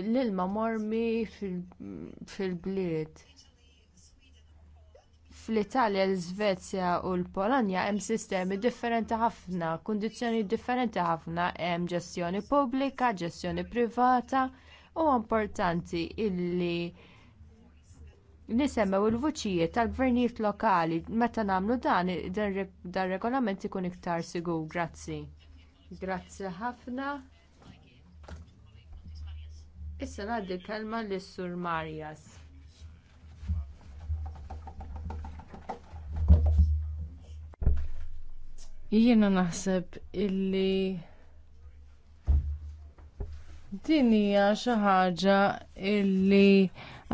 l-ilma mormi fil-bliet. Fl-Italja, l-Svezja u l-Polonja hemm sistemi differenti ħafna, kundizzjoni differenti ħafna, hemm ġestjoni pubblika, ġestjoni privata u importanti illi nisemmew il-vuċijiet tal-gvernijiet lokali meta nagħmlu dan dan regolament ikun iktar sigur. Grazzi. Grazzi ħafna. Issa ngħaddi l-kelma lis-Sur Marjas. Jiena naħseb illi din hija xi ħaġa illi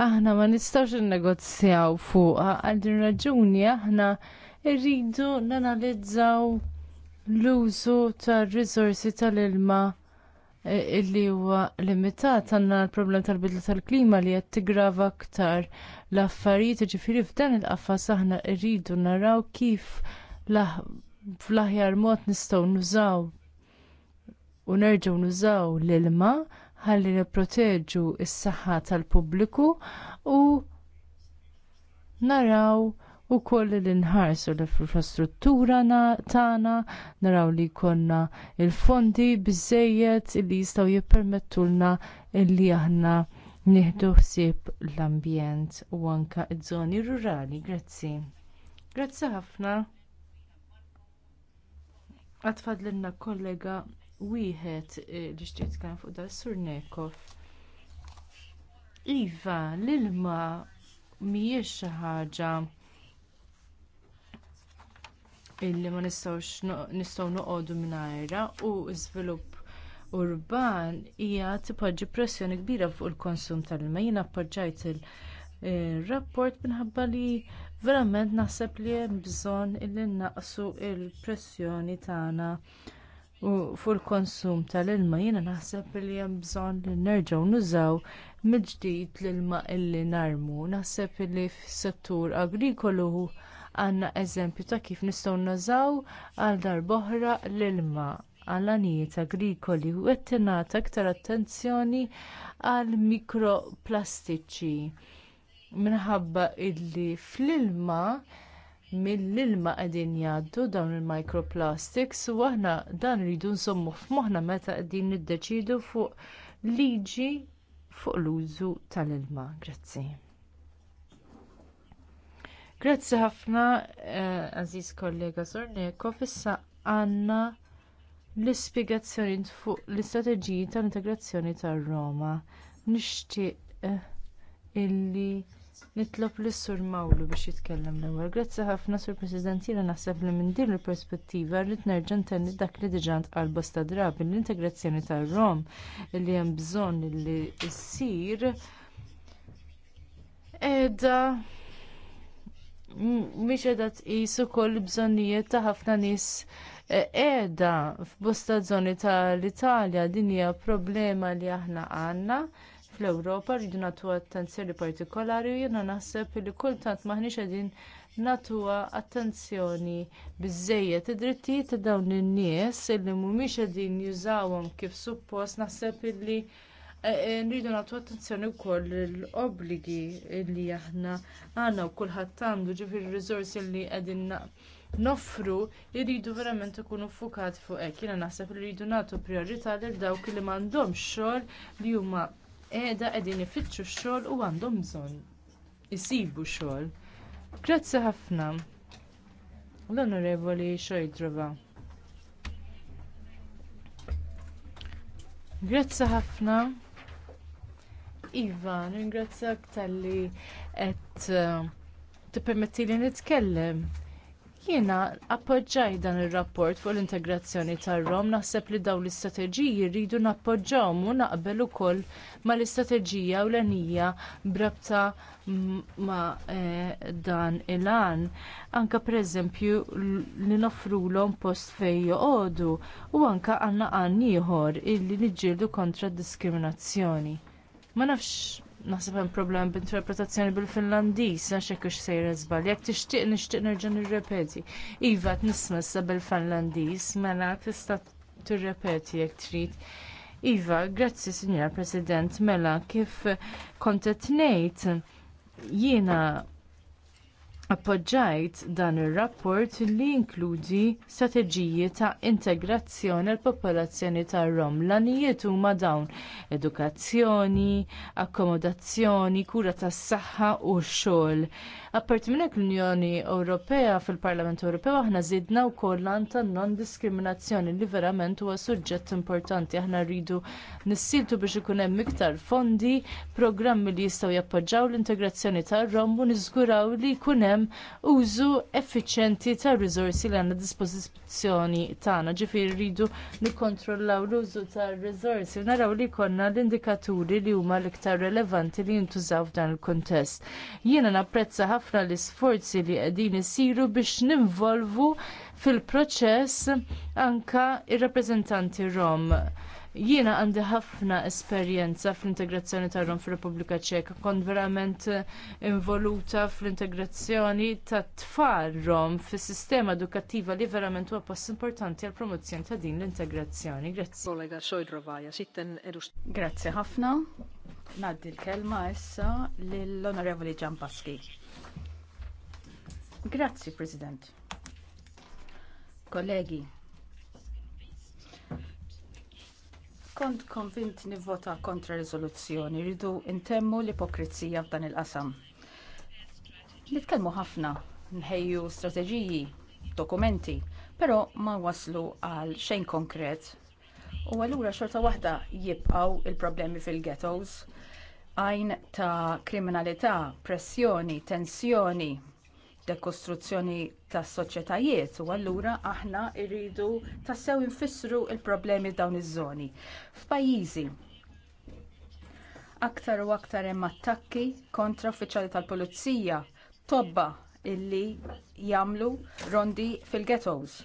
aħna ma nistgħux innegozjaw fuqha għal din raġuni aħna rridu nanalizzaw l-użu tar-riżorsi tal-ilma illi huwa limitat għandna l-problem tal-bidla tal-klima li qed tigrava aktar l-affarijiet ġifieri f'dan il-qafas aħna rridu naraw kif fl-aħjar mod nistgħu nużaw u nerġgħu nużaw l-ilma ħalli nipproteġu s-saħħa tal-pubbliku u naraw u koll li nħarsu l-infrastruttura tagħna naraw li jkollna il-fondi bizzejiet li jistgħu jippermettulna li aħna nieħdu ħsieb l-ambjent u anke ż żoni rurali. Grazzi. Grazzi ħafna. Għatfad l kollega wieħed eh, li xtiet kan fuq dal Surnekov. Iva, l-ilma mhijiex xi ħaġa illi ma nistgħux nistgħu noqogħdu mingħajra u l-iżvilupp urban hija tipoġġi pressjoni kbira fuq il-konsum tal-ilma. Jien appoġġajt il-rapport minħabba li verament naħseb li hemm bżonn illi naqsu l pressjoni tagħna U fuq il-konsum tal-ilma jiena naħseb li hemm bżonn li nerġgħu nużaw mill-ġdid l-ilma illi narmu. Naħseb li fis-settur agrikolu għandna eżempju ta' kif nistgħu nażaw għal darb'oħra l-ilma għal għanijiet agrikoli u qed tingħata aktar attenzjoni għal mikroplastiċi minħabba illi fl-ilma mill-ilma qegħdin jgħaddu dawn il-microplastics u aħna dan rridu nsommu f'moħħna meta qegħdin niddeċiedu fuq liġi fuq l-użu tal-ilma. Grazzi. Grazzi ħafna, eh, Aziz kollega Sorneko, fissa għanna l-ispiegazzjoni fuq l-istrateġiji tal-integrazzjoni tar-Roma. Nixtieq eh, illi nitlob lis sur Mawlu biex jitkellem l-ewwel. Grazzi ħafna sur President jiena naħseb li minn din il-perspettiva rrid nerġa' ntenni dak li diġà ntqal bosta drabi l-integrazzjoni tar-Rom li hemm bżonn li ssir qiegħda mhix qiegħda tqis ukoll bżonnijiet ta' ħafna nies e, qiegħda f'bosta żoni tal-Italja din hija problema li aħna għandna fl-Ewropa rridu nagħtuha attenzjoni partikolari u jiena naħseb li kultant maħniex qegħdin natuwa attenzjoni biżżejjed id-drittijiet ta' dawn in-nies illi mhumiex qegħdin jużawhom kif suppost naħseb illi Eh, eh, nridu nagħtu attenzjoni wkoll l-obbligi li aħna għandna u kulħadd għandu ġifir r-riżorsi li qegħdin noffru jridu verament ikunu ffukat fuq hekk. Jiena naħseb li rridu nagħtu priorità lil dawk li m'għandhomx xogħol li huma qiegħda qegħdin ifittxu x-xogħol u għandhom bżonn isibu xogħol. Grazzi ħafna. L-Onorevoli Xojdrova. Grazzi ħafna. Iva, ringrazzjak tal-li għet eh, t-permetti li nitkellem. Jiena appoġġaj dan ir rapport fuq l-integrazzjoni tar-Rom naħseb li dawn l-istrateġiji rridu nappoġġawhom u naqbel ukoll mal istrateġija ewlenija brabta ma' eh, dan il-għan. Anka pereżempju li nofrulhom post fejn joqogħdu u anke għandna għan ieħor illi niġġieldu kontra d diskriminazzjoni. Ma nafx naħseb hemm problem b'interpretazzjoni bil-Finlandiż għax hekk ix sejra żbal. Jekk tixtieq nixtieq nerġa' nirrepeti. Iva qed bil-Finlandiż mela tista' tirrepeti jekk trid. Iva, grazzi signora President, mela kif kontet ngħid jiena appoġġajt dan ir-rapport li inkludi strateġiji ta' integrazzjoni għall popolazzjoni tar rom Lanijiet huma dawn edukazzjoni, akkomodazzjoni, kura tas-saħħa u x xogħol. Apparti minn hekk l-Unjoni Ewropea fil-Parlament Ewropew aħna żidna wkoll lan ta' non-diskriminazzjoni li verament huwa suġġett importanti. Aħna rridu nissiltu biex ikun hemm iktar fondi, programmi li jistgħu jappoġġaw l-integrazzjoni tar-Rom u niżguraw li jkun hemm użu effiċjenti tar risorsi li għandna dispożizzjoni tagħna. Ġifieri rridu nikkontrollaw l-użu tar-riżorsi naraw li jkollna l-indikaturi li huma l-iktar relevanti li jintużaw f'dan il-kuntest. Jiena napprezza ħafna ħafna l-isforzi li qegħdin isiru biex ninvolvu fil-proċess anka r rappreżentanti Rom. Jiena għandi ħafna esperjenza fl-integrazzjoni ta' Rom fil-Repubblika Ċeka, kont verament involuta fl-integrazzjoni ta' tfal Rom fis sistema edukattiva li verament huwa pass importanti għal promozzjoni ta' din l-integrazzjoni. Grazzi. Kollega Xojdrovaja, sitten edust. Grazzi ħafna. Naddi l-kelma issa lill onorevoli Ġampaski. Grazzi, President. Kollegi, kont konvint nivvota kontra rizoluzzjoni rridu intemmu l-ipokrizija f'dan il-qasam. Nitkellmu ħafna, nħejju strateġiji, dokumenti, però ma waslu għal xejn konkret. U allura xorta waħda jibqgħu l problemi fil-ghettos, għajn ta' kriminalità, pressjoni, tensjoni, dekostruzzjoni tas soċjetajiet u allura aħna rridu tassew infissru l problemi dawn iż-żoni. F'pajjiżi aktar u aktar hemm attakki kontra uffiċjali tal-pulizija tobba illi jagħmlu rondi fil-ghettos.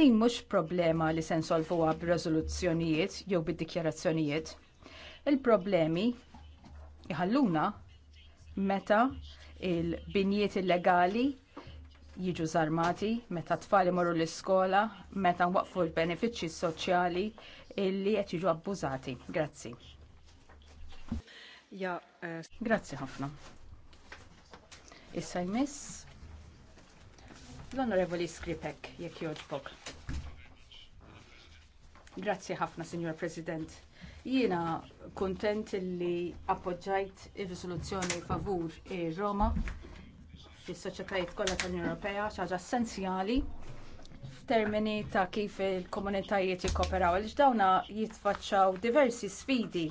Din mhux problema li se nsolvuha b'riżoluzzjonijiet jew bid-dikjarazzjonijiet. Il-problemi jħalluna meta il-binjiet illegali jiġu zarmati meta tfali morru l-iskola, meta nwaqfu l-benefiċċji soċjali illi qed jiġu abbużati. Grazzi. Ja, uh... Grazzi ħafna. Issa jmiss l-Onorevoli Skripek jekk jogħġbok. Grazzi ħafna, Signor President. Jiena kuntent li appoġġajt ir-riżoluzzjoni favur ir-Roma fis-soċjetajiet kollha tal-Unjoni Ewropea xi ħaġa essenzjali f'termini ta' kif il-komunitajiet jikkoperaw għaliex dawna jitfaċċaw diversi sfidi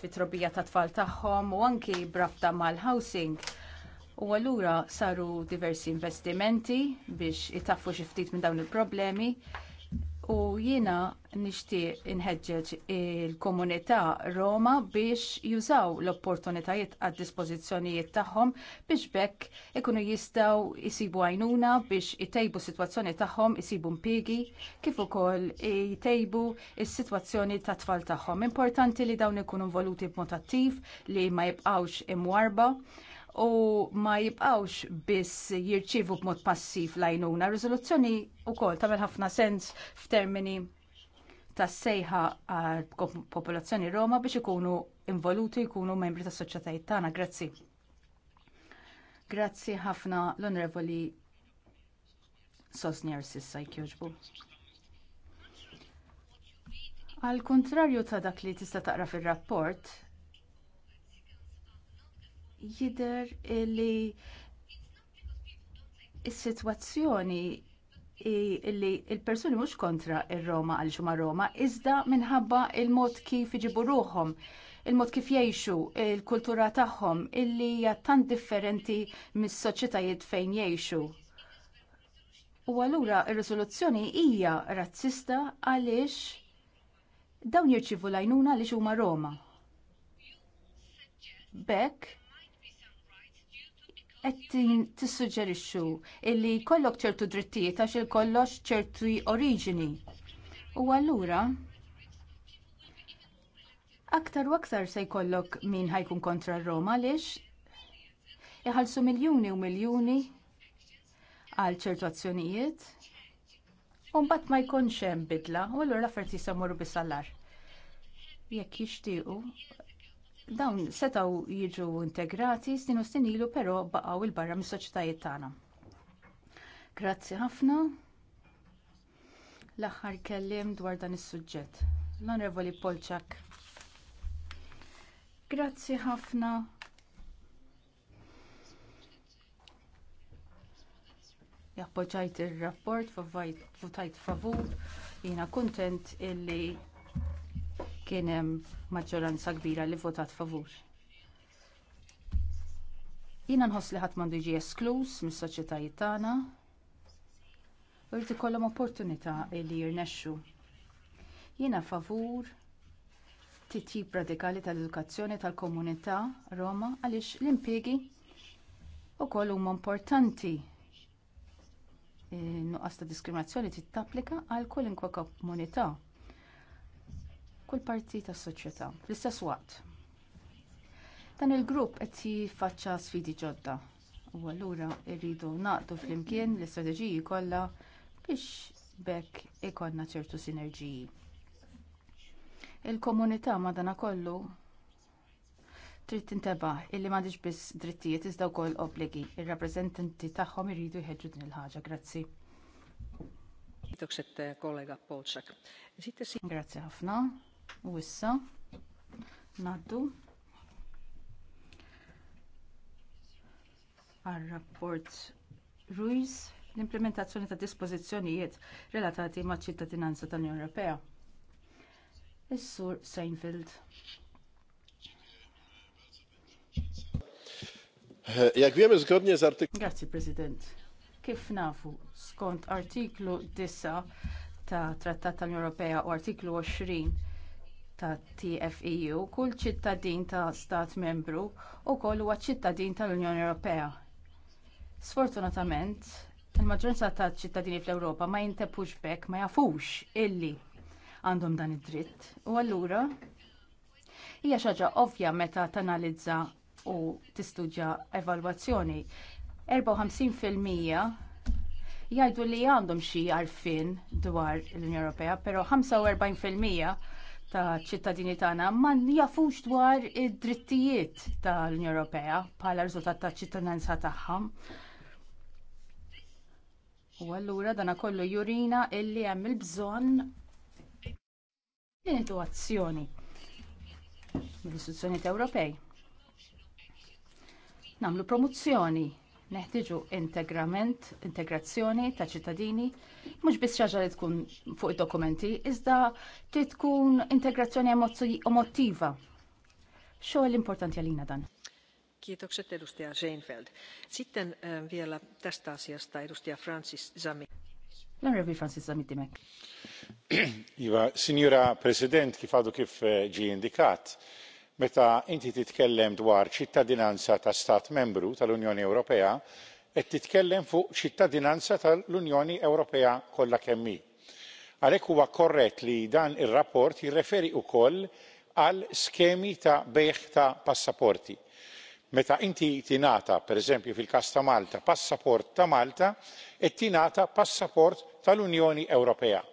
fit-trobbija tat tfal tagħhom u anki brabta mal-housing. U allura saru diversi investimenti biex itaffu xi ftit minn dawn il-problemi. U jiena nixtieq inħeġġeġ il-komunità Roma biex jużaw l-opportunitajiet għad dispożizzjonijiet tagħhom biex bekk ikunu jistgħu jsibu għajnuna biex itejbu sitwazzjoni tagħhom, isibu impjiegi, kif ukoll jtejbu s-sitwazzjoni ta' tfal tagħhom. Importanti li dawn ikunu involuti b'mod attiv li ma jibqgħux imwarba u ma jibqawx biss jirċivu b'mod passiv lajnuna. Rizoluzzjoni u kol tamel ħafna sens f'termini ta' sejħa għal popolazzjoni Roma biex ikunu involuti jkunu membri ta' soċjetajiet tagħna. Grazzi. Grazzi ħafna l-Onorevoli Sosnjar Sissa jkjoġbu. Għal kontrarju ta' dak li tista' taqra fir-rapport, jidher li is-sitwazzjoni li il-persuni mhux kontra ir-Roma għal xuma Roma, iżda minħabba il-mod kif iġibu ruhom, il-mod kif jgħixu, il-kultura tagħhom illi hija tant differenti mis-soċjetajiet fejn jgħixu. U allura r riżoluzzjoni hija razzista għaliex dawn jirċivu lajnuna għaliex huma Roma. Bekk t tissuġġerixxu illi jkollok ċertu drittijiet għax il kollox ċertu oriġini. U allura aktar u aktar se jkollok min ħajkun kontra Roma għaliex iħallsu miljuni u miljuni għal ċertu azzjonijiet u mbagħad ma jkunx hemm bidla u allura l-affarijiet jista' jmorru bis jekk jixtiequ dawn setaw jiġu integrati stinu stinilu però baqgħu il-barra mis soċjetajiet tagħna. Grazzi ħafna. L-aħħar kellim dwar dan is-suġġett. L-Onorevoli Polċak. Grazzi ħafna. Jappoġġajt ir rapport votajt favur, jiena kuntent illi kien hemm maġġoranza kbira li votat favur. Jiena nħoss li ħadd m'għandu jiġi esklus mis-soċjetajiet tagħna. Irid ikollhom opportunità li jirnexxu. Jiena favur titjib radikali tal-edukazzjoni tal-komunità Roma għaliex l-impjegi wkoll huma importanti eh, nuqqas ta' diskriminazzjoni tittapplika għal kolinkwa komunità kull parti tas-soċjetà fl-istess waqt. Dan il-grupp qed jiffaċċja sfidi ġodda u allura rridu naqdu flimkien l-istrateġiji kollha biex bekk ikonna ċertu sinerġiji. Il-komunità madanakollu trid tintebaħ illi m'għandix biss drittijiet iżda wkoll obbligi. Ir-rappreżentanti tagħhom iridu jħeġġu din il-ħaġa. Grazzi. Eh, Grazie Grazzi ħafna. U issa naddu għal rapport Ruiz l-implementazzjoni ta' dispożizzjonijiet relatati maċ ċittadinanza tal-Unjoni Ewropea. Is-sur Seinfeld. Jak wiemy zgodnie z artykułem. Grazie, prezydent. Kif nafu skont artiklu 9 ta' Trattat tal-Unjoni Ewropea u artiklu 20 ta' TFEU, kull ċittadin ta' stat membru wkoll huwa ċittadin tal-Unjoni Ewropea. Sfortunatament, il-maġġoranza ta' ċittadini fl-Ewropa ma jintepux bekk ma jafux illi għandhom dan id-dritt. U allura hija xi ħaġa ovvja meta tanalizza u tistudja evalwazzjoni. 54% jgħidu li għandhom xi għarfien dwar l-Unjoni Ewropea, però 45% ta' ċittadini tagħna ma jafux dwar id-drittijiet tal-Unjoni Ewropea bħala riżultat ta' ċittadinanza tagħhom. U allura dana kollu jurina illi hemm il-bżonn l azzjoni mill-istituzzjonijiet Ewropej. Namlu promozzjoni Neħtiġu integrament, integrazzjoni ta' ċittadini, mhux biss xaġa li tkun fuq id-dokumenti, iżda trid tkun integrazzjoni emotiva. Xogħol importanti għalina dan. Kiitokset edustaja Seinfeld. Sitten eh, vielä tästä asiasta edustaja Francis Zami. L-Onorevoli Francis Zami Dimek. Iva, Signora President, kif għadu kif ġi indikat, meta inti titkellem dwar ċittadinanza ta' stat membru tal-unjoni ewropea qed titkellem fuq ċittadinanza tal-unjoni ewropea kollha kemm hi. għalhekk huwa korrett li dan ir-rapport jirreferi wkoll għal skemi ta' bejħ ta' passaporti. meta inti tingħata pereżempju fil-każ ta' malta passaport ta' malta qed tingħata passaport tal-unjoni ewropea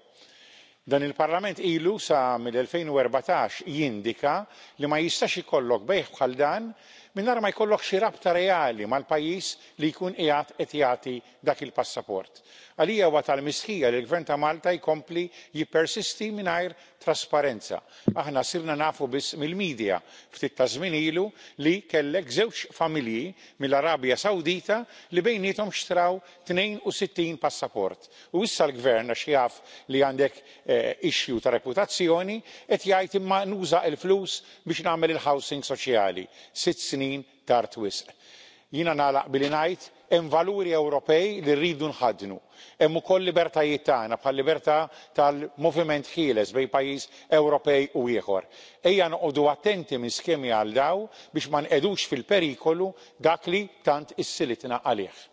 dan il parlament ilu sa mill 2014 jindika li ma jistax ikollok bejgħ bħal dan mingħajr ma jkollok xi rabta reali mal-pajjiż li jkun qiegħed qed jagħti dak il-passaport. għalija huwa tal-mistħija li l-gvern ta' malta jkompli jippersisti mingħajr trasparenza. aħna sirna nafu biss mill-midja ftit ta' żmien ilu li kellek żewġ familji mill-arabja sawdita li bejniethom xtraw tnejn u sittin passaport u issa l-gvern għax jaf li għandek eh, issue ta' reputazzjoni qed jgħid imma nuża l flus biex nagħmel il housing soċjali. sitt snin tard wisq. jiena nalaq billi ngħid hemm valuri ewropej li rridu nħadnu. hemm ukoll libertajiet tagħna bħal libertà tal-moviment ħieles bejn pajjiż ewropej u ieħor. ejja noqogħdu attenti minn skemi għal dawn biex ma nqedux fil perikolu dak li tant issilitna għalih.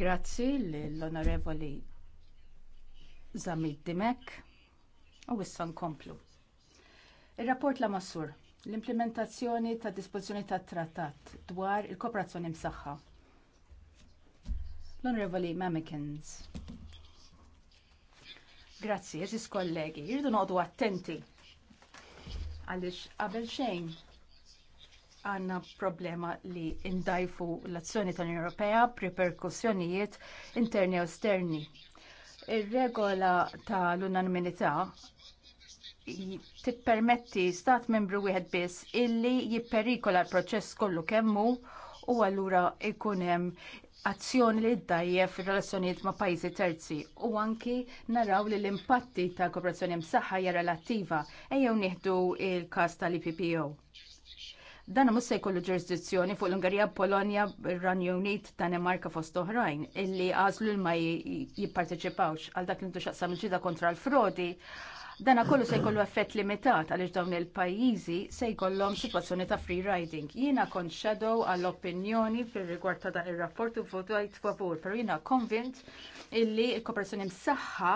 Grazzi onorevoli Zamid Dimek. U issa nkomplu. Ir-rapport la massur l-implementazzjoni ta' dispożizzjoni tat trattat dwar il-kooperazzjoni msaħħa. L-Onorevoli Mamikins. Grazzi, eżis kollegi, jirdu noqdu attenti għaliex qabel xejn għanna problema li ndajfu l-azzjoni tal-Europea pre perkussjonijiet interni u esterni Ir-regola tal-unanimità tippermetti stat membru wieħed biss illi jipperikola l-proċess kollu kemmu u allura ikun hemm azzjoni li ddajjef relazzjonijiet ma' pajjiżi terzi u anki naraw li l-impatti tal kooperazzjoni msaħħa hija relattiva ejja nieħdu il-każ tal-IPPO. Dan mhux se jkollu ġurisdizzjoni fuq l-Ungerija, Polonja, Renju Unit, Danemarka fost oħrajn illi għażlu l ma jipparteċipawx għal dak li xaqsa xaqsam ġida kontra l-frodi. Dan kollu se jkollu effett limitat għaliex dawn il-pajjiżi se jkollhom sitwazzjoni ta' free riding. Jiena kont shadow għall-opinjoni fir-rigward ta' dan ir-rapport u votajt favur, però jiena konvint illi l-kooperazzjoni msaħħa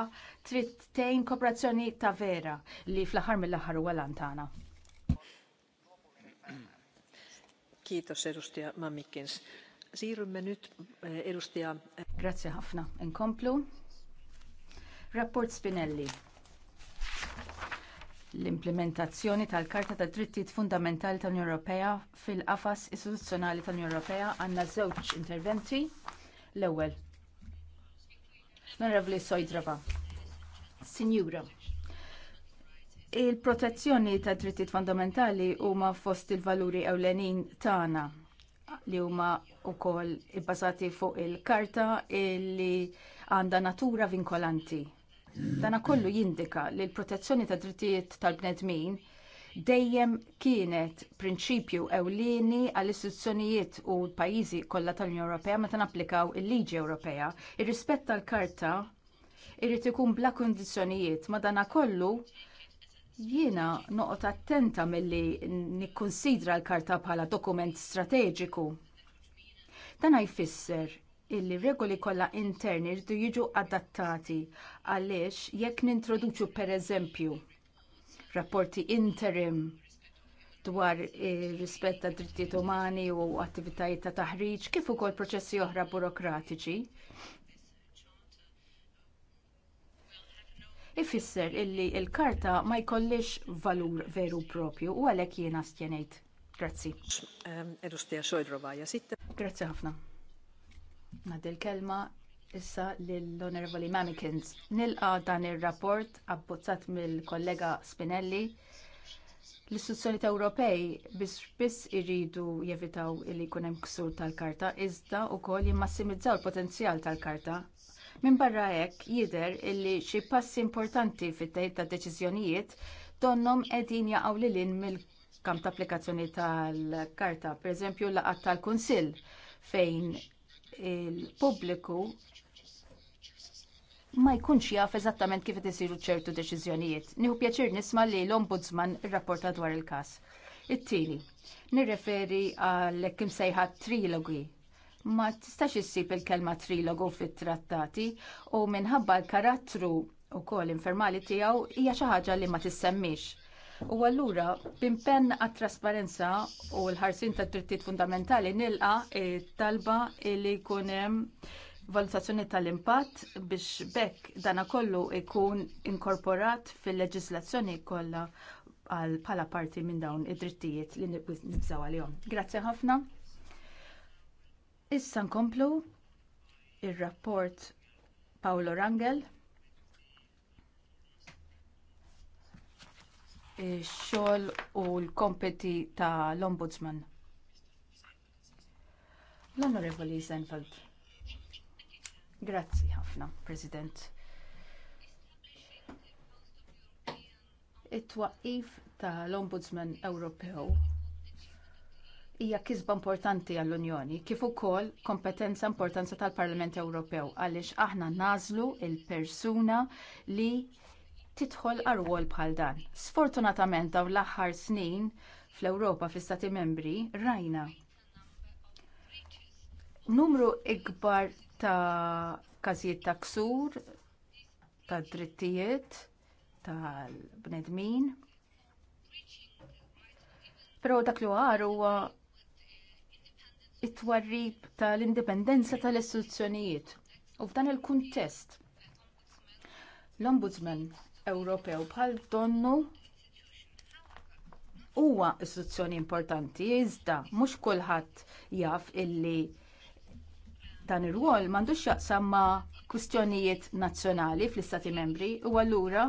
trid tgħin kooperazzjoni ta' vera li fl-aħħar mill-aħħar huwa lantana. Mammikins. Eh, eh, Grazie ħafna. Inkomplu. Rapport Spinelli. L-implementazzjoni tal-Karta tad Drittijiet Fundamentali tal-Unjoni Ewropea fil-qafas istituzzjonali tal-Unjoni Ewropea għandna żewġ interventi. L-ewwel. l Sojdrova. Il-protezzjoni ta' drittijiet fondamentali huma fost il-valuri ewlenin tagħna li huma wkoll ibbażati fuq il-karta li għandha natura vinkolanti. Dana kollu jindika li l-protezzjoni ta' drittijiet tal-bnedmin dejjem kienet prinċipju ewlieni għall istituzzjonijiet u l-pajjiżi kollha tal-Unjoni Ewropea meta napplikaw il-liġi Ewropea. Ir-rispett tal-karta irid ikun bla kundizzjonijiet madana kollu Jiena noqgħod attenta milli nikkunsidra l-karta bħala dokument strateġiku. Dan jfisser illi regoli kollha interni rridu jiġu adattati għaliex jekk nintroduċu pereżempju rapporti interim dwar ir-rispett tad drittijiet umani u attivitajiet ta' taħriġ kif ukoll proċessi oħra burokratiċi. ifisser illi l il karta ma jkollix valur veru propju u għalhekk jiena stjenejt. Grazzi. Grazzi ħafna. Nad kelma issa lill-Onorevoli Mamikins. Nilqa dan ir-rapport abbozzat mill-kollega Spinelli l-istituzzjoni Ewropej biss iridu jevitaw li jkun hemm ksur tal-karta iżda wkoll jimmassimizzaw il-potenzjal tal-karta Minn barra hekk jidher illi xi passi importanti fit-teħid ta' deċiżjonijiet donnom qegħdin jaqgħu lilin mill-kamp ta' applikazzjoni tal-karta, pereżempju laqgħat tal-Kunsill fejn il-pubbliku ma jkunx jaf eżattament kif qed isiru ċertu deċiżjonijiet. Nieħu pjaċir nisma' li l-Ombudsman rrapporta dwar il-każ. It-tieni, nirreferi għal kim sejħa trilogi ma tistax issib il-kelma trilogu fit-trattati u minħabba l-karattru wkoll informali tiegħu hija xi ħaġa li ma tissemmix. U allura bimpenn għat-trasparenza u l-ħarsin tad drittijiet fundamentali nilqa talba li jkun hemm valutazzjoni tal-impatt biex bekk dana kollu jkun inkorporat fil-leġislazzjoni kollha għal pala parti minn dawn id-drittijiet li nibżaw għalihom. Grazzi ħafna. Issa nkomplu ir-rapport Paolo Rangel. Ix-xogħol u l-kompeti ta' l-Ombudsman. L-Onorevoli Zenfeld. Grazzi ħafna, President. It-twaqif tal ombudsman Ewropew hija kisba importanti għall-Unjoni, kif ukoll kompetenza importanza tal-Parlament Ewropew għaliex aħna nażlu il-persuna li tidħol għarwol bħal dan. Sfortunatament dawn l-aħħar snin fl-Ewropa fl stati Membri rajna numru ikbar ta' każijiet ta' ksur, ta' drittijiet, tal-bnedmin. Pero dak li għaru huwa it-twarrib tal-indipendenza tal-istituzzjonijiet. U f'dan il-kuntest, l-Ombudsman Ewropew bħal donnu huwa istituzzjoni importanti, iżda mhux kulħadd jaf illi dan ir-rwol m'għandux jaqsam ma' kwistjonijiet nazzjonali fl-Istati membri u allura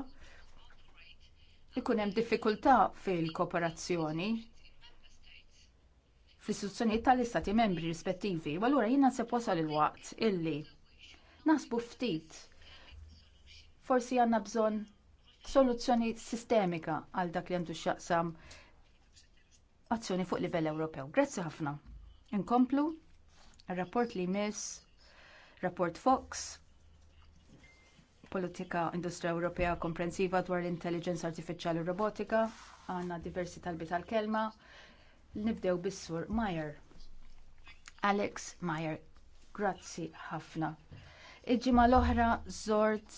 ikun hemm diffikultà fil-kooperazzjoni fl-istituzzjonijiet tal-istati membri rispettivi. U allura jiena se wasal il-waqt illi naħsbu ftit forsi għandna bżonn soluzzjoni sistemika għal dak li għandu xaqsam azzjoni fuq livell Ewropew. Grazzi ħafna. Inkomplu, rapport li miss, rapport Fox, politika industrija Ewropea komprensiva dwar l-intelligenza artificiali u robotika, għandna diversi talbi tal-kelma, Nibdew bis-sur Meyer. Alex Meyer, grazzi ħafna. Il-ġimgħa l-oħra żort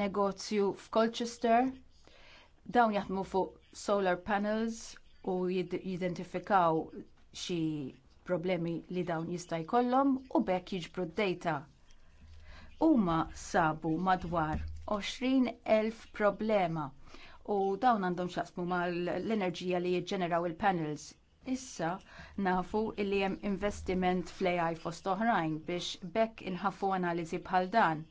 negozju f'Colchester. Dawn jaħdmu fuq solar panels u jidentifikaw xi problemi li dawn jista' jkollhom u bekk jiġbru d-data. Huma sabu madwar 20,000 problema u dawn għandhom xaqsmu mal-enerġija li jiġġeneraw il-panels. Issa nafu li hemm investiment fl-AI fost oħrajn biex bekk inħaffu analiżi bħal dan.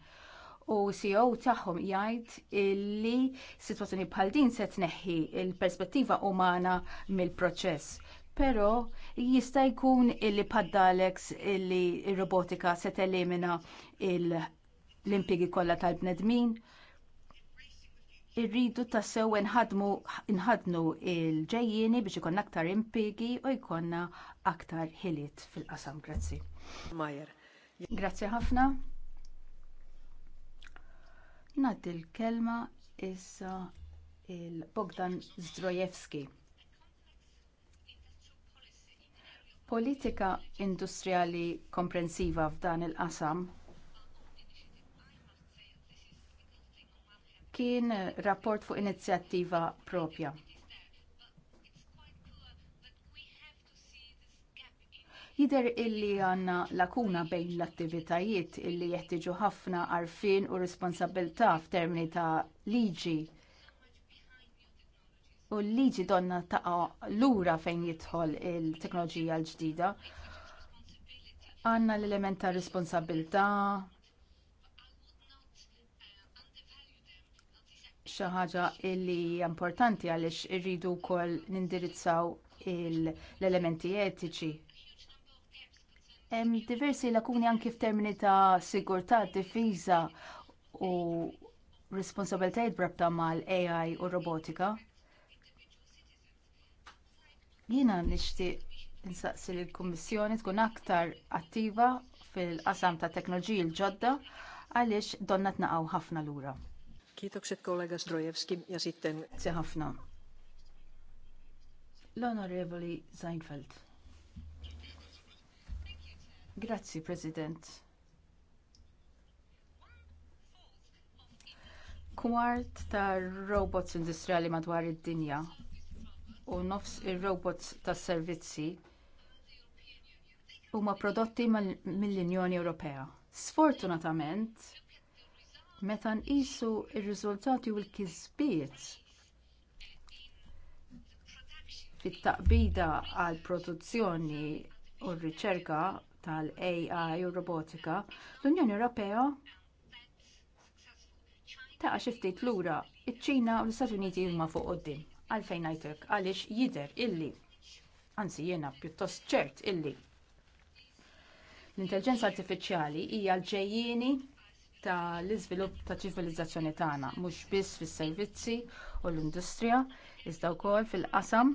U CEO tagħhom jgħid li sitwazzjoni bħal din se tneħħi l perspettiva umana mill-proċess pero jista' jkun illi paddalex illi r robotika se telimina l-impjegi kollha tal-bnedmin irridu tassew inħadmu inħadnu il-ġejjieni biex ikonna aktar impigi u jkollna aktar ħiliet fil-qasam. Grazzi. Majer. Grazzi ħafna. Nad l-kelma issa il-Bogdan Zdrojewski. Politika industrijali komprensiva f'dan il-qasam kien rapport fuq inizjattiva propja. Jider illi għanna lakuna bejn l-attivitajiet illi jeħtiġu ħafna arfin u responsabilta f'termini ta' liġi. U l-liġi donna ta' lura fejn jidħol il-teknoloġija l-ġdida. Għanna l elementa ta' responsabilta' xi ħaġa li importanti għaliex irridu wkoll nindirizzaw l-elementi etiċi. Hemm diversi lakuni anki f'termini ta' sigurtà, difiża u responsabiltajiet brabta mal-AI u robotika. Jiena nixtieq insaqsi l kummissjoni tkun aktar attiva fil-qasam ta' teknoloġiji l-ġodda għaliex donna tnaqgħu ħafna lura. Kiitokset kollega Strojevski ja sitten... Se ħafna. l Seinfeld. Grazzi, President. Kwart ta' robots industriali madwar id-dinja u nofs ir-robots tas servizzi huma prodotti mill-Unjoni Ewropea. Sfortunatament, Meta nqisu r-riżultati u l-kisbiet fit-taqbida għall produzzjoni u r-riċerka tal-AI u robotika, l-Unjoni Ewropea taqa' xi ftit lura iċ-Ċina u l-Istati Uniti huma fuq quddiem. Għalfejn ngħidlek għaliex jidher illi anzi jiena pjuttost ċert illi l-intelligenza artifiċjali hija l-ġejjieni ta' l-iżvilupp ta' ċivilizzazzjoni tagħna, mhux biss fis-servizzi u l-industrija, iżda wkoll fil-qasam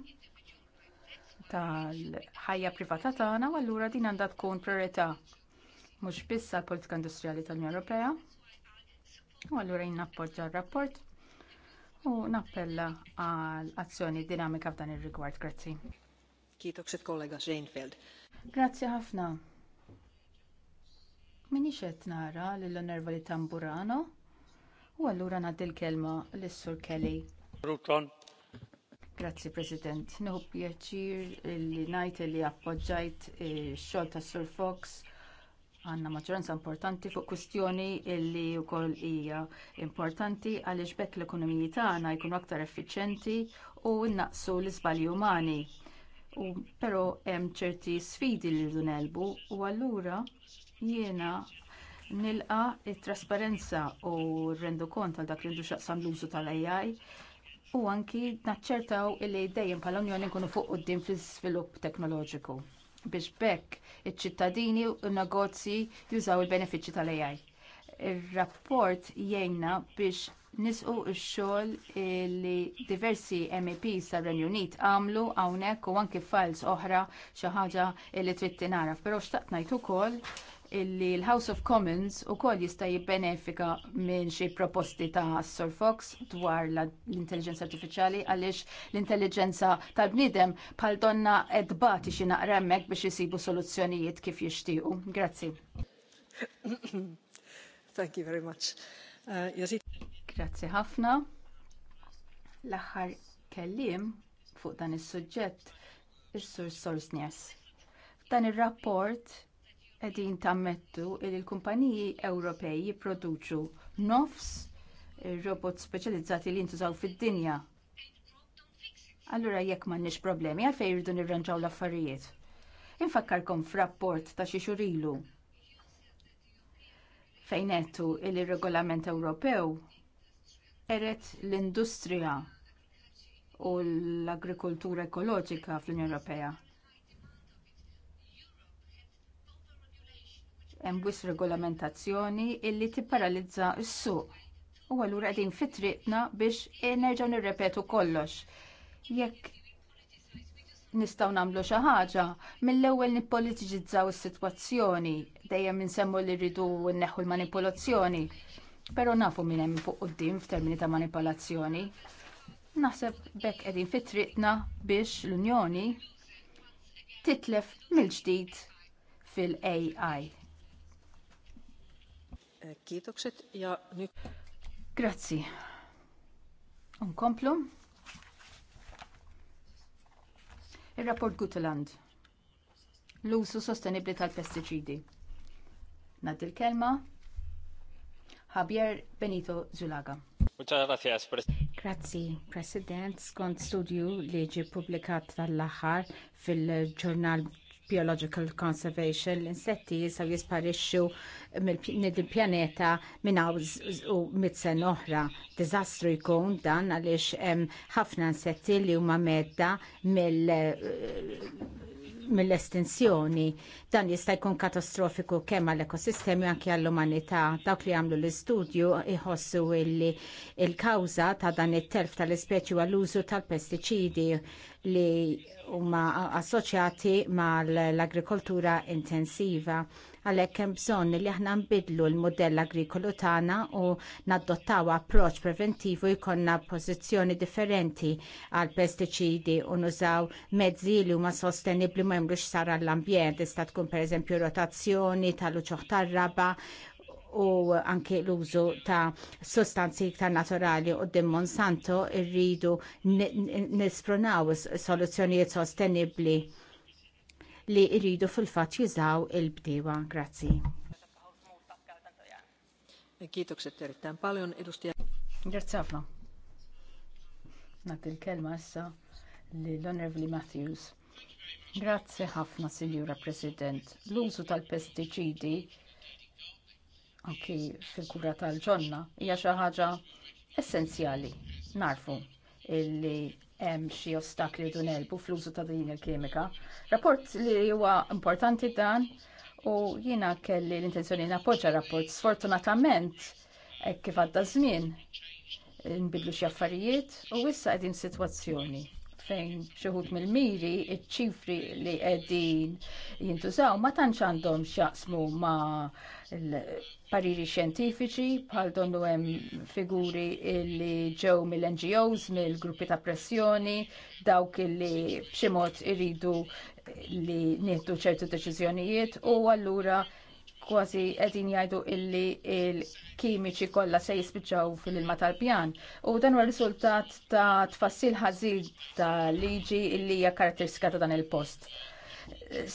tal-ħajja privata tagħna u allura din għandha tkun priorità mhux biss għall politika industrijali tal-Unjoni Ewropea. U allura jien nappoġġa r-rapport u nappella għal azzjoni dinamika f'dan ir-rigward. Grazzi. Kitokset kollega Reinfeld. Grazzi ħafna. Minix qed nara lill li Tamburano u allura ngħaddi l-kelma lis-Sur Kelly. Grazzi President. Nħu pjaċir li ngħid li appoġġajt ix-xogħol eh, tas Sur Fox għandna maġġoranza importanti fuq kwistjoni li wkoll hija importanti għaliex bekk l-ekonomiji tagħna jkunu aktar effiċenti u nnaqsu l-iżbalji umani. U, pero hemm ċerti sfidi li rridu nelbu u allura Jiena nilqa t trasparenza u r kont għal dak li ndu xaqsam l-użu tal-AI u anki naċċertaw li dejjem bħala unjoni nkunu fuq quddiem fl-iżvilupp teknoloġiku biex bekk iċ-ċittadini u n negozji jużaw il-benefiċċji tal-AI. Ir-rapport jgħinna biex nisqu x-xogħol li diversi MEPs tar-Renju Unit għamlu hawnhekk u anki files oħra xi ħaġa li trid tinaraf, però xtaqt ngħid ukoll illi l-House of Commons ukoll jista' jibbenefika minn xi proposti ta' Sir Fox dwar l-intelligenza artifiċjali għaliex l-intelligenza tal-bniedem bħal donna edbati xi naqra hemmhekk biex isibu soluzzjonijiet kif jixtiequ. Grazzi. Thank you very much. Uh, Grazzi ħafna. L-aħħar kelliem fuq dan is-suġġett is-Sur Sorsnies. F'dan ir-rapport qegħdin tammettu li l-kumpaniji Ewropej jipproduċu nofs robots speċjalizzati li jintużaw fid-dinja. Allura jekk m'għandniex problemi għalfejn irridu nirranġaw l-affarijiet. Infakkarkom f'rapport ta' xi xurilu fejn għedtu li r regolament Ewropew eret l-industrija u l-agrikoltura ekoloġika fl-Unjoni Ewropea hemm wis regolamentazzjoni illi tipparalizza s-suq. U allura qegħdin fitriqna biex e nerġgħu nirrepetu kollox. Jekk nistgħu nagħmlu xi ħaġa, mill-ewwel nippolitiġizzaw is-sitwazzjoni, dejjem insemmu li rridu nneħħu l-manipolazzjoni. Però nafu minn hemm fuq quddiem f'termini ta' manipolazzjoni. Naħseb bekk qegħdin fitriqna biex l-Unjoni titlef mill-ġdid fil-AI. Kiitokset ja nyt... Grazzi. Unkomplu. Il-rapport Guteland. L-usu sostenibli tal-pestiċidi. Nad il-kelma. Javier Benito Zulaga. Muchas gracias, Grazzi, President. Skont studju li ġie publikat tal-aħħar fil-ġurnal biological conservation, l-insetti jisaw jisparixxu mill-pjaneta minn u mit-sen oħra. Dizastru jkun dan għaliex hemm ħafna insetti li huma medda mill mill-estinzjoni. Dan jista' jkun katastrofiku kemm għall-ekosistemi anke għall-umanità. Dawk li għamlu l-istudju iħossu illi il-kawża ta' dan it-telf tal-ispeċi għall użu tal-pestiċidi li huma assoċjati mal-agrikoltura intensiva għalhekk hemm bżonn li aħna nbidlu l-modell agrikolu tagħna u nadottaw approċċ preventivu jkollna pożizzjoni differenti għal pestiċidi u nużaw mezzi li huma sostenibbli ma jmrux sar għall ambjent tista' tkun pereżempju rotazzjoni tal-uċoħ tar-raba u anke l-użu ta' sostanzi iktar naturali u d Monsanto irridu nispronaw soluzzjonijiet sostenibli li irridu fil-fat jużaw il-bdewa. Grazzi. Kiitokset erittäin paljon edustaja. Grazie ħafna. Nagħti l-kelma honorable Matthews. Grazzi ħafna, Signora President. L-użu tal-pestiċidi anki fil-kura tal-ġonna hija xi ħaġa essenzjali narfu illi hemm xi ostakli dun elbu fl-użu ta' din il-kimika. Rapport li huwa importanti dan u jiena kelli l-intenzjoni nappoġġa rapport. Sfortunatament hekk kif għadda żmien nbidlu xi affarijiet u issa qegħdin sitwazzjoni fejn xuħut mill-miri, iċ-ċifri li qegħdin jintużaw ma tantx għandhom x'jaqsmu ma pariri xjentifiċi bħal donnu hemm figuri li ġew mill-NGOs, mill-gruppi ta' pressjoni, dawk li b'xi mod iridu li nieħdu ċertu deċiżjonijiet u allura kważi qegħdin jgħidu illi il-kimiċi kollha se jispiċċaw fil-ilma tal-pjan. U dan huwa riżultat ta' tfassil ħażin ta' liġi illi hija karatteristika ta' dan il-post.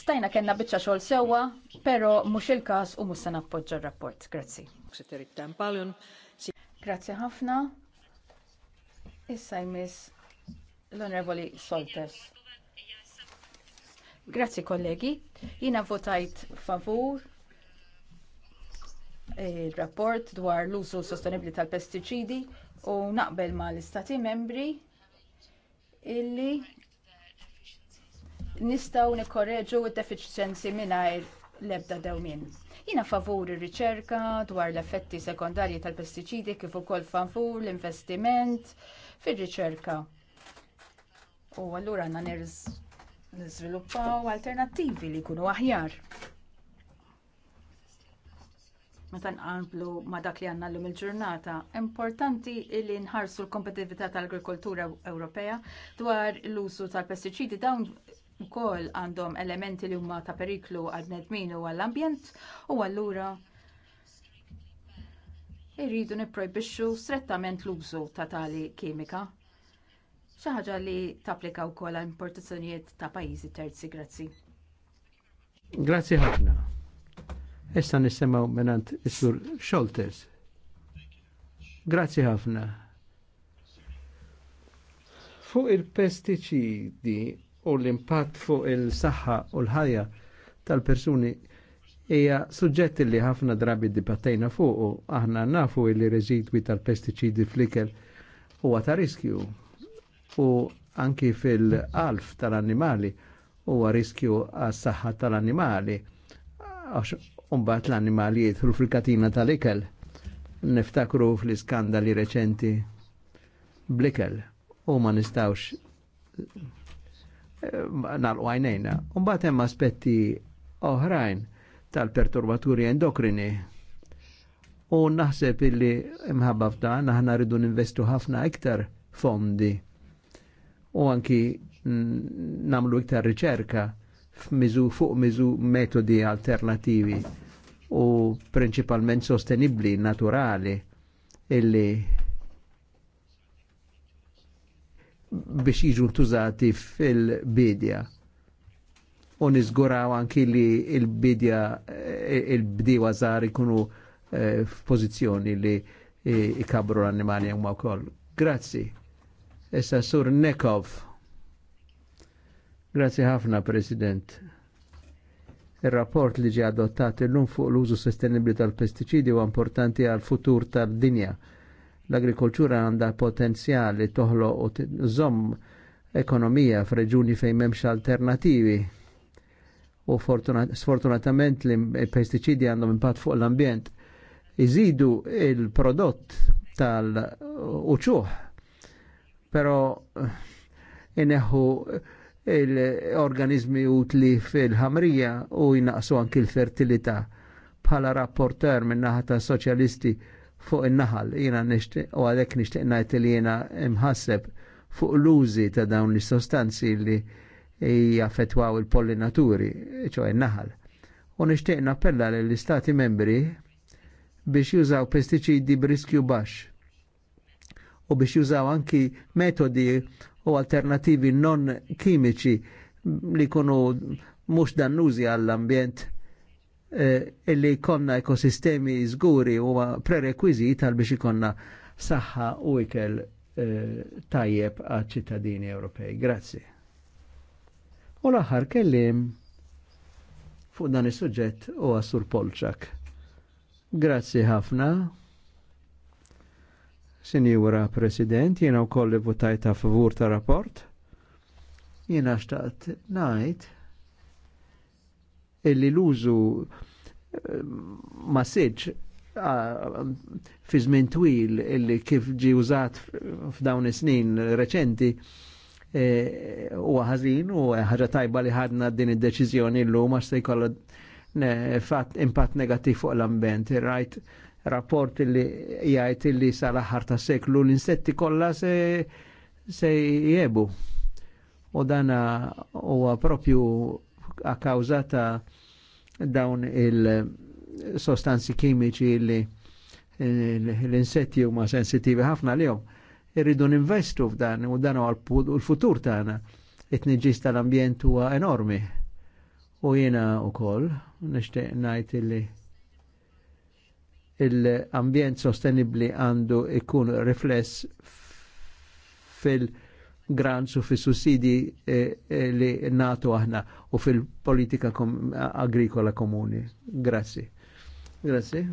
Stajna kellna biċċa xogħol sewwa, però mhux il-każ u mhux se nappoġġa r-rapport. Grazzi. Grazzi ħafna. Issa jmiss l-Onorevoli Soltes. Grazzi kollegi, jina votajt favur il-rapport dwar l-użu sostenibli tal-pestiċidi u naqbel ma l-istati membri illi nistaw nikorreġu id-deficienzi mingħajr l-ebda dewmien. Jina favur il riċerka dwar l-effetti sekondarji tal-pestiċidi kif ukoll favur l-investiment fir-riċerka. U allura għandna nirżviluppaw alternattivi li jkunu aħjar meta nqablu ma dak li għandna llum il-ġurnata. Importanti li nħarsu l-kompetitività tal-agrikoltura Ewropea dwar l-użu tal-pestiċidi dawn ukoll għandhom elementi li huma ta' periklu għad nedmin u għall-ambjent u allura irridu niprojbixxu strettament l-użu ta' tali kimika. Xi ħaġa li tapplika wkoll għall importazzjonijiet ta' pajjiżi terzi, grazzi. Grazzi ħafna. Issa nisimaw menant is-sur Scholtes. Grazzi ħafna. Fuq il-pestiċidi u l-impatt fuq il-saħħa u l-ħajja tal-persuni hija suġġetti li ħafna drabi dibattejna fuq u aħna nafu li residwi tal-pestiċidi flikel huwa ta' riskju u anki fil-alf tal-annimali huwa riskju għas-saħħa tal-annimali Umbat l-animali jitru fil-katina tal-ikel. Niftakru fl-iskandali reċenti blikel u ma nistawx eh, Nal għajnejna. Umbat hemm aspetti oħrajn tal-perturbaturi endokrini. U naħseb illi imħabba f'dan aħna rridu ninvestu ħafna iktar fondi u anki namlu iktar riċerka f'miżu fuq miżu metodi alternativi u prinċipalment sostenibbli, naturali, illi biex jiġu ntużati fil-bidja. U nizguraw anki li il-bidja, il-bdiwa zar ikunu eh, f'pożizzjoni li eh, ikabru l-annimali jgħu ma' Grazzi. Issa sur Nekov. Grazie ħafna, President. Il-rapport li ġi adottat il-lum fuq l-użu sostenibli tal-pesticidi u importanti għal futur tal-dinja. L-agrikoltura għanda potenzjali toħlo u zom ekonomija f'reġuni fejn memx alternativi. U sfortunatament li pesticidi għandhom impatt fuq l-ambjent. Iżidu il-prodott tal-uċuħ, pero inneħu. Eh, ineħu il-organizmi utli fil-ħamrija u jnaqsu anki il fertilità Bħala rapporter minn naħa ta' soċjalisti fuq in-naħal, jina nishtiq u għalek nishtiq najt li jina imħasseb fuq l-użi ta' dawn li sostanzi li jaffetwaw il-pollinaturi, ċo in-naħal. U nishtiq li l-istati membri biex jużaw pesticidi b'riskju baxx u biex jużaw anki metodi u alternativi non kimiċi li kunu mux dannużi għall-ambjent eh, illi konna ekosistemi zguri u prerekwizit għal biex ikonna saħħa u ikel eh, tajjeb għal ċittadini Ewropej. Grazzi. U l-aħħar kellim fuq dan is-suġġett u għasur Polċak. Grazzi ħafna. Sinjura President, jiena wkoll kolli votajta favur ta' rapport. Jiena xtaqt najt illi l-użu eh, seġ eh, fi żmien twil illi kif ġi użat f'dawn is-snin reċenti eh, u ħażin u ħaġa tajba li ħadna din id-deċiżjoni llum għax se jkollha impatt negattiv fuq l-ambjent. Rajt right? rapport li jgħajt li sal-aħħar ta' seklu l-insetti kollha se se jiebu. U dana huwa propju a kawza ta' dawn il-sostanzi kimiċi li l-insetti huma sensitivi ħafna li Irridu ninvestu f'dan u dan huwa l-futur tagħna. It-tniġġis tal-ambjent huwa enormi. U jiena wkoll nixtieq ngħid li L ambjent sostenibli għandu ikun rifless fil-grants u fil-sussidi eh, eh, li natu aħna u fil-politika agrikola komuni. Grazzi. Grazzi.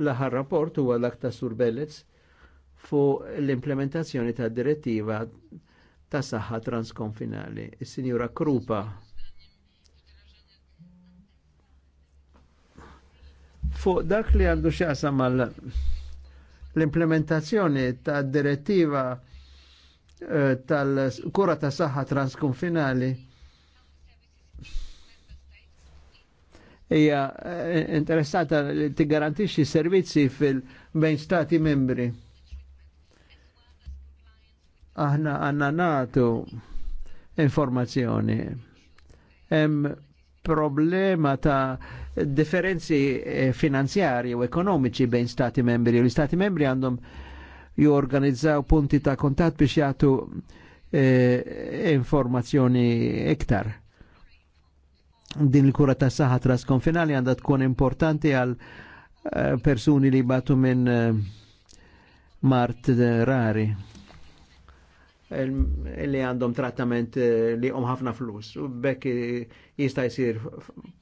L-aħħar rapport huwa l aktar surbellets fu l-implementazzjoni ta' direttiva ta' saħħa transkonfinali. Is-Sinjura Krupa fuq dak li għandu xaqsa mal l-implementazzjoni ta' direttiva eh, tal-kura ta' saħħa transkonfinali Ija eh, interessata li garantisci servizzi fil-bejn stati membri aħna għanna natu informazzjoni. Hemm problema ta' differenzi eh, finanzjari u ekonomiċi bejn stati membri u l-stati membri għandhom jorganizzaw punti ta' kontat biex jagħtu eh, informazzjoni iktar din il-kura ta' saħħa trasconfinali għandha tkun importanti għal eh, persuni li batu minn eh, mart rari li għandhom trattament eh, li hom ħafna flus. U bekk jista' jsir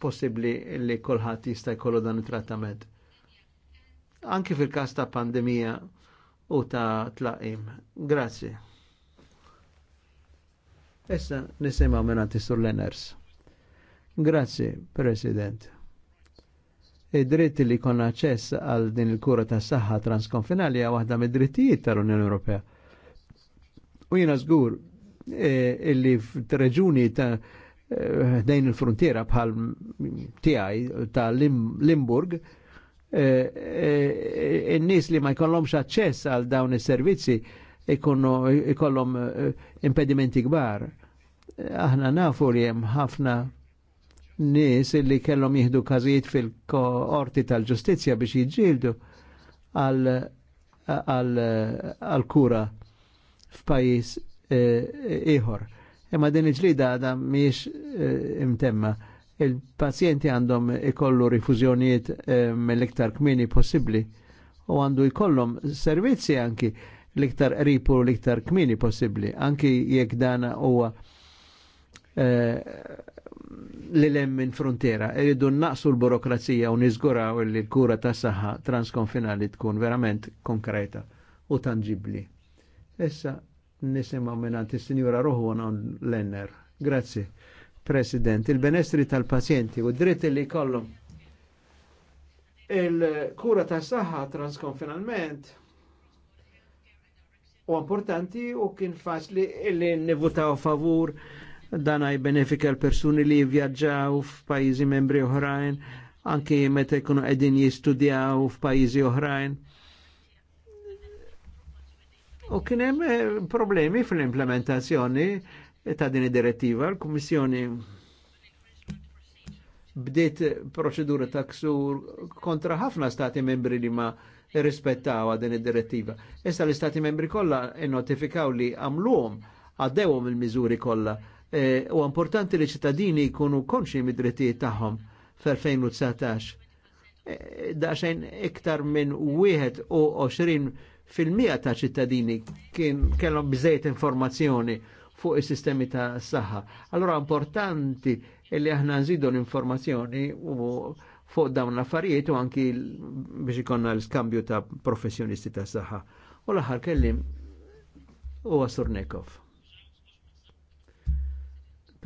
possibbli li kulħadd jista' jkollu dan it-trattament. Anki fil-każ ta' pandemija u ta' tlaqim. Grazzi. Issa nisimgħu minn Sur Lenners. Grazzi, President. Id-dritti li konna ċess għal din il-kura ta' saħħa transkonfinali waħda mid-drittijiet tal-Unjoni Ewropea U jina zgur eh, illi f'reġuni ta' eh, dejn il-frontiera bħal tiegħi ta' Limburg, eh, in nis li ma jkollhomx aċċess għal dawn is-servizzi ikollhom impedimenti kbar. Aħna nafu li hemm ħafna nies li kellhom jieħdu każijiet fil korti tal-ġustizzja biex jiġġieldu għal kura f'pajjiż eh, ieħor. Imma din il-ġlida għadha mhijiex eh, imtemma. Il-pazjenti għandhom ikollu rifużjonijiet eh, mill-iktar kmini possibbli u għandu jkollhom servizzi anki l-iktar ripu l-iktar kmini possibbli, anki jekk dana huwa li lem minn frontiera, irridu naqsu l-burokrazija u nizguraw li l-kura ta' saħħa transkonfinali tkun verament konkreta u tangibli. Issa nisimaw minnant il-Sinjura Ruħwan Lenner. Grazzi, President. Il-benestri tal-pazjenti u dritt li kollum il-kura ta' saħħa transkonfinalment u importanti u kien faċli li nivutaw favur dan għaj benefika l-persuni li vjaġġaw f'pajjiżi membri oħrajn, anki meta jkunu qegħdin jistudjaw f'pajjiżi oħrajn U kien hemm eh, problemi fl-implementazzjoni ta' din id-direttiva. L-Kummissjoni bdiet proċedura ta' ksur kontra ħafna stati membri li ma rispettaw din id-direttiva. Issa l-istati membri kollha notifikaw li għamluhom għaddewhom il-miżuri kollha. Eh, u importanti li ċittadini jkunu konxi mid-drittijiet tagħhom f'2019. E, eh, Daxejn iktar minn wieħed 21 fil-mija ta' ċittadini kien kellhom bżejt informazzjoni fuq is-sistemi ta' saħħa. Allora importanti li aħna nżidu l-informazzjoni u fuq dawn l-affarijiet u anki biex ikonna l-skambju ta' professjonisti ta' saħħa. U l-aħħar kellim u Asurnekov.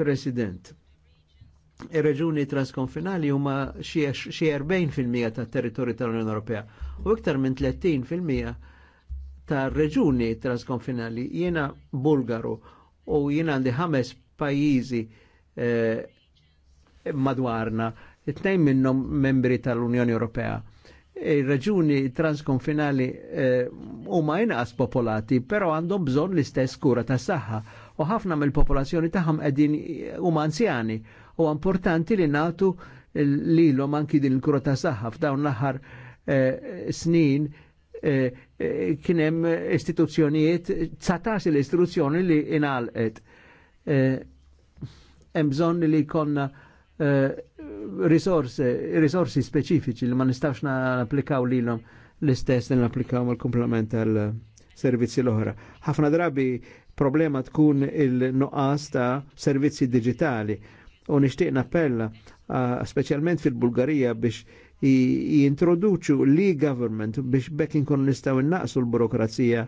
President, ir-reġuni transkonfinali huma xi 40% tat-territorju tal-Unjoni Ewropea u iktar minn 30% fil-mija ta' reġuni transkonfinali. Jiena Bulgaru u jiena għandi ħames pajjiżi eh, madwarna, it-tnejn minnhom membri tal-Unjoni Ewropea. Ir-reġuni e transkonfinali eh, huma eh, inqas popolati, però għandhom bżonn l-istess kura ta' saħħa u ħafna mill-popolazzjoni tagħhom qegħdin huma anzjani u importanti li natu lilhom anki din il-kura ta' saħħa f'dawn l-aħħar eh, snin Eh, eh, kienem istituzzjonijiet, 19 l istruzzjoni li inalqet. Eh, Emżon li konna risorsi speċifiċi li ma nistax naplikaw li l-istess om l li napplikaw mal-komplement għal servizzi l ohra Ħafna drabi problema tkun il noqas ta' servizzi digitali u nixtieq appella specialment fil-Bulgarija biex jintroduċu li government biex bekk inkonu nistaw innaqsu l-burokrazija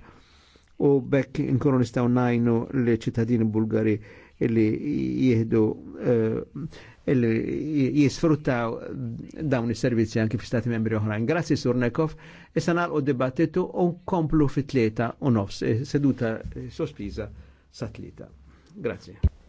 u bekk inkonu nistaw najnu li ċittadini bulgari li jihdu eh, li jisfruttaw dawn is-servizzi anki fi stati membri oħrajn. Grazzi Surnekov. Nekov, issa nagħlqu dibattitu u komplu fit tleta u nofs, eh, seduta sospiża sa tlieta. Grazie.